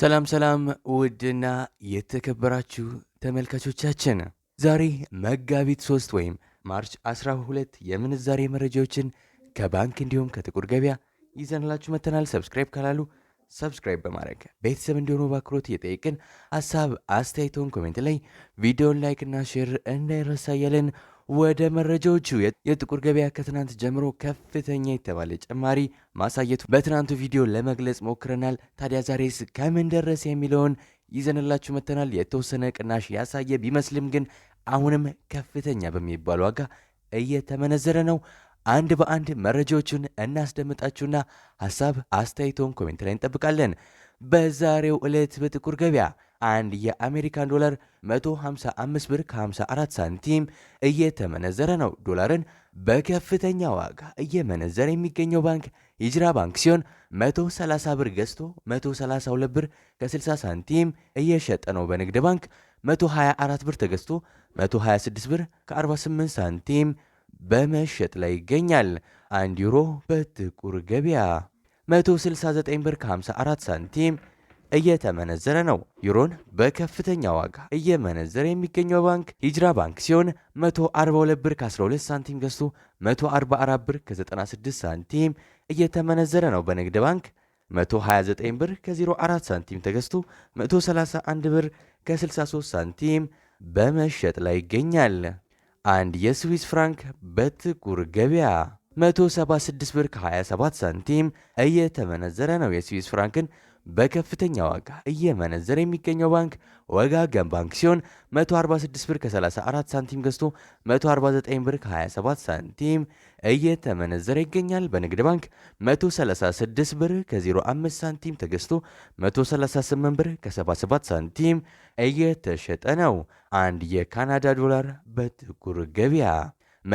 ሰላም ሰላም ውድና የተከበራችሁ ተመልካቾቻችን ዛሬ መጋቢት 3 ወይም ማርች 12 የምንዛሬ መረጃዎችን ከባንክ እንዲሁም ከጥቁር ገበያ ይዘንላችሁ መተናል። ሰብስክራይብ ካላሉ ሰብስክራይብ በማድረግ ቤተሰብ እንዲሆኑ በአክብሮት እየጠየቅን ሀሳብ አስተያየቶን ኮሜንት ላይ ቪዲዮን ላይክና ሼር እንዳይረሳ እያልን ወደ መረጃዎቹ የጥቁር ገበያ ከትናንት ጀምሮ ከፍተኛ የተባለ ጭማሪ ማሳየቱ በትናንቱ ቪዲዮ ለመግለጽ ሞክረናል። ታዲያ ዛሬስ ከምን ደረሰ የሚለውን ይዘንላችሁ መተናል። የተወሰነ ቅናሽ ያሳየ ቢመስልም ግን አሁንም ከፍተኛ በሚባል ዋጋ እየተመነዘረ ነው። አንድ በአንድ መረጃዎቹን እናስደምጣችሁና ሀሳብ አስተያየቶን ኮሜንት ላይ እንጠብቃለን። በዛሬው ዕለት በጥቁር ገበያ አንድ የአሜሪካን ዶላር 155 ብር ከ54 ሳንቲም እየተመነዘረ ነው። ዶላርን በከፍተኛ ዋጋ እየመነዘረ የሚገኘው ባንክ ሂጅራ ባንክ ሲሆን 130 ብር ገዝቶ 132 ብር ከ60 ሳንቲም እየሸጠ ነው። በንግድ ባንክ 124 ብር ተገዝቶ 126 ብር ከ48 ሳንቲም በመሸጥ ላይ ይገኛል። አንድ ዩሮ በጥቁር ገበያ 169 ብር ከ54 ሳንቲም እየተመነዘረ ነው። ዩሮን በከፍተኛ ዋጋ እየመነዘረ የሚገኘው ባንክ ሂጅራ ባንክ ሲሆን 142 ብር ከ12 ሳንቲም ገዝቶ 144 ብር ከ96 ሳንቲም እየተመነዘረ ነው። በንግድ ባንክ 129 ብር ከ04 ሳንቲም ተገዝቶ 131 ብር ከ63 ሳንቲም በመሸጥ ላይ ይገኛል። አንድ የስዊስ ፍራንክ በጥቁር ገበያ 176 ብር ከ27 ሳንቲም እየተመነዘረ ነው። የስዊስ ፍራንክን በከፍተኛ ዋጋ እየመነዘረ የሚገኘው ባንክ ወጋገን ባንክ ሲሆን 146 ብር ከ34 ሳንቲም ገዝቶ 149 ብር ከ27 ሳንቲም እየተመነዘረ ይገኛል። በንግድ ባንክ 136 ብር ከ05 ሳንቲም ተገዝቶ 138 ብር ከ77 ሳንቲም እየተሸጠ ነው። አንድ የካናዳ ዶላር በጥቁር ገበያ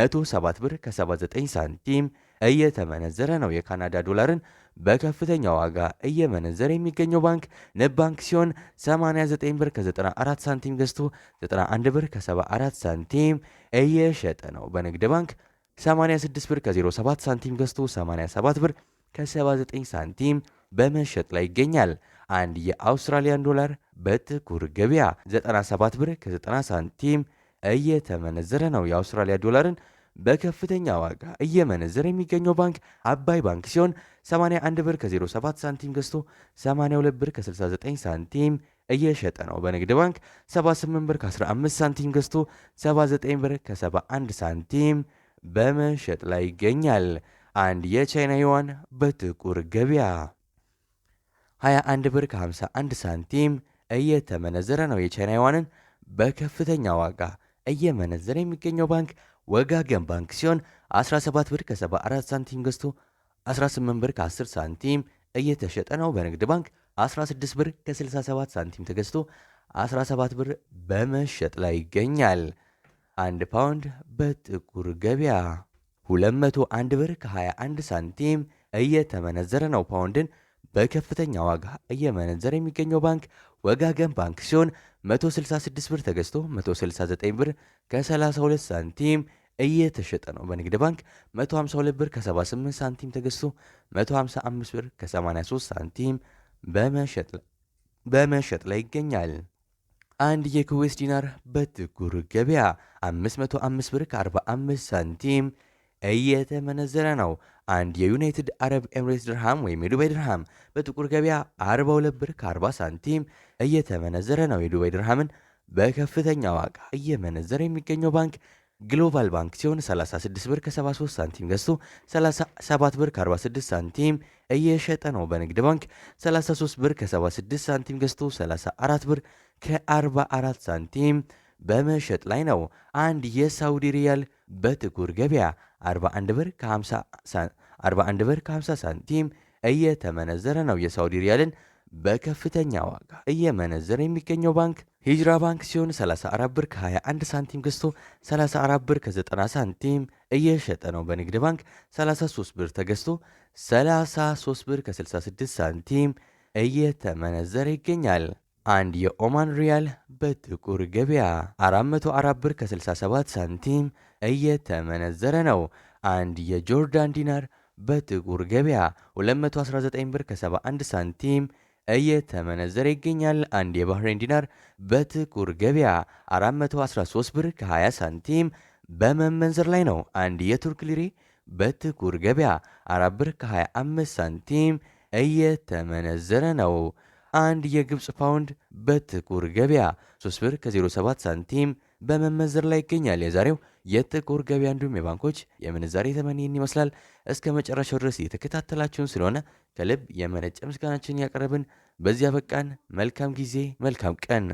107 ብር ከ79 ሳንቲም እየተመነዘረ ነው። የካናዳ ዶላርን በከፍተኛ ዋጋ እየመነዘረ የሚገኘው ባንክ ንብ ባንክ ሲሆን 89 ብር ከ94 ሳንቲም ገዝቶ 91 ብር ከ74 ሳንቲም እየሸጠ ነው። በንግድ ባንክ 86 ብር ከ07 ሳንቲም ገዝቶ 87 ብር ከ79 ሳንቲም በመሸጥ ላይ ይገኛል። አንድ የአውስትራሊያን ዶላር በጥቁር ገበያ 97 ብር ከ90 ሳንቲም እየተመነዘረ ነው። የአውስትራሊያ ዶላርን በከፍተኛ ዋጋ እየመነዘረ የሚገኘው ባንክ አባይ ባንክ ሲሆን 81 ብር ከ07 ሳንቲም ገዝቶ 82 ብር ከ69 ሳንቲም እየሸጠ ነው። በንግድ ባንክ 78 ብር ከ15 ሳንቲም ገዝቶ 79 ብር ከ71 ሳንቲም በመሸጥ ላይ ይገኛል። አንድ የቻይና ዩዋን በጥቁር ገበያ 21 ብር ከ51 ሳንቲም እየተመነዘረ ነው። የቻይና ዩዋንን በከፍተኛ ዋጋ እየመነዘረ የሚገኘው ባንክ ወጋገን ባንክ ሲሆን 17 ብር ከ74 ሳንቲም ገዝቶ 18 ብር ከ10 ሳንቲም እየተሸጠ ነው። በንግድ ባንክ 16 ብር ከ67 ሳንቲም ተገዝቶ 17 ብር በመሸጥ ላይ ይገኛል። አንድ ፓውንድ በጥቁር ገበያ 201 ብር ከ21 ሳንቲም እየተመነዘረ ነው። ፓውንድን በከፍተኛ ዋጋ እየመነዘረ የሚገኘው ባንክ ወጋገን ባንክ ሲሆን 166 ብር ተገዝቶ 169 ብር ከ32 ሳንቲም እየተሸጠ ነው። በንግድ ባንክ 152 ብር ከ78 ሳንቲም ተገዝቶ 155 ብር ከ83 ሳንቲም በመሸጥ ላይ ይገኛል። አንድ የኩዌስ ዲናር በጥቁር ገበያ 505 ብር ከ45 ሳንቲም እየተመነዘረ ነው። አንድ የዩናይትድ አረብ ኤምሬትስ ድርሃም ወይም የዱባይ ድርሃም በጥቁር ገበያ 42 ብር ከ40 ሳንቲም እየተመነዘረ ነው። የዱባይ ድርሃምን በከፍተኛ ዋጋ እየመነዘረ የሚገኘው ባንክ ግሎባል ባንክ ሲሆን 36 ብር ከ73 ሳንቲም ገዝቶ 37 ብር ከ46 ሳንቲም እየሸጠ ነው። በንግድ ባንክ 33 ብር ከ76 ሳንቲም ገዝቶ 34 ብር ከ44 ሳንቲም በመሸጥ ላይ ነው። አንድ የሳውዲ ሪያል በጥቁር ገበያ 41 ብር ከ50 ሳንቲም እየተመነዘረ ነው። የሳውዲ ሪያልን በከፍተኛ ዋጋ እየመነዘረ የሚገኘው ባንክ ሂጅራ ባንክ ሲሆን 34 ብር ከ21 ሳንቲም ገዝቶ 34 ብር ከ90 ሳንቲም እየሸጠ ነው። በንግድ ባንክ 33 ብር ተገዝቶ 33 ብር ከ66 ሳንቲም እየተመነዘረ ይገኛል። አንድ የኦማን ሪያል በጥቁር ገበያ 404 ብር ከ67 ሳንቲም እየተመነዘረ ነው። አንድ የጆርዳን ዲናር በጥቁር ገበያ 219 ብር ከ71 ሳንቲም እየተመነዘረ ይገኛል። አንድ የባህሬን ዲናር በጥቁር ገበያ 413 ብር ከ20 ሳንቲም በመመንዘር ላይ ነው። አንድ የቱርክ ሊሬ በጥቁር ገበያ 4 ብር ከ25 ሳንቲም እየተመነዘረ ነው። አንድ የግብፅ ፓውንድ በጥቁር ገበያ 3 ብር ከ07 ሳንቲም በመመንዘር ላይ ይገኛል። የዛሬው የጥቁር ገበያ እንዲሁም የባንኮች የምንዛሬ ተመን ይህን ይመስላል። እስከ መጨረሻው ድረስ የተከታተላችሁን ስለሆነ ከልብ የመነጨ ምስጋናችን ያቀረብን በዚያ በቃን። መልካም ጊዜ፣ መልካም ቀን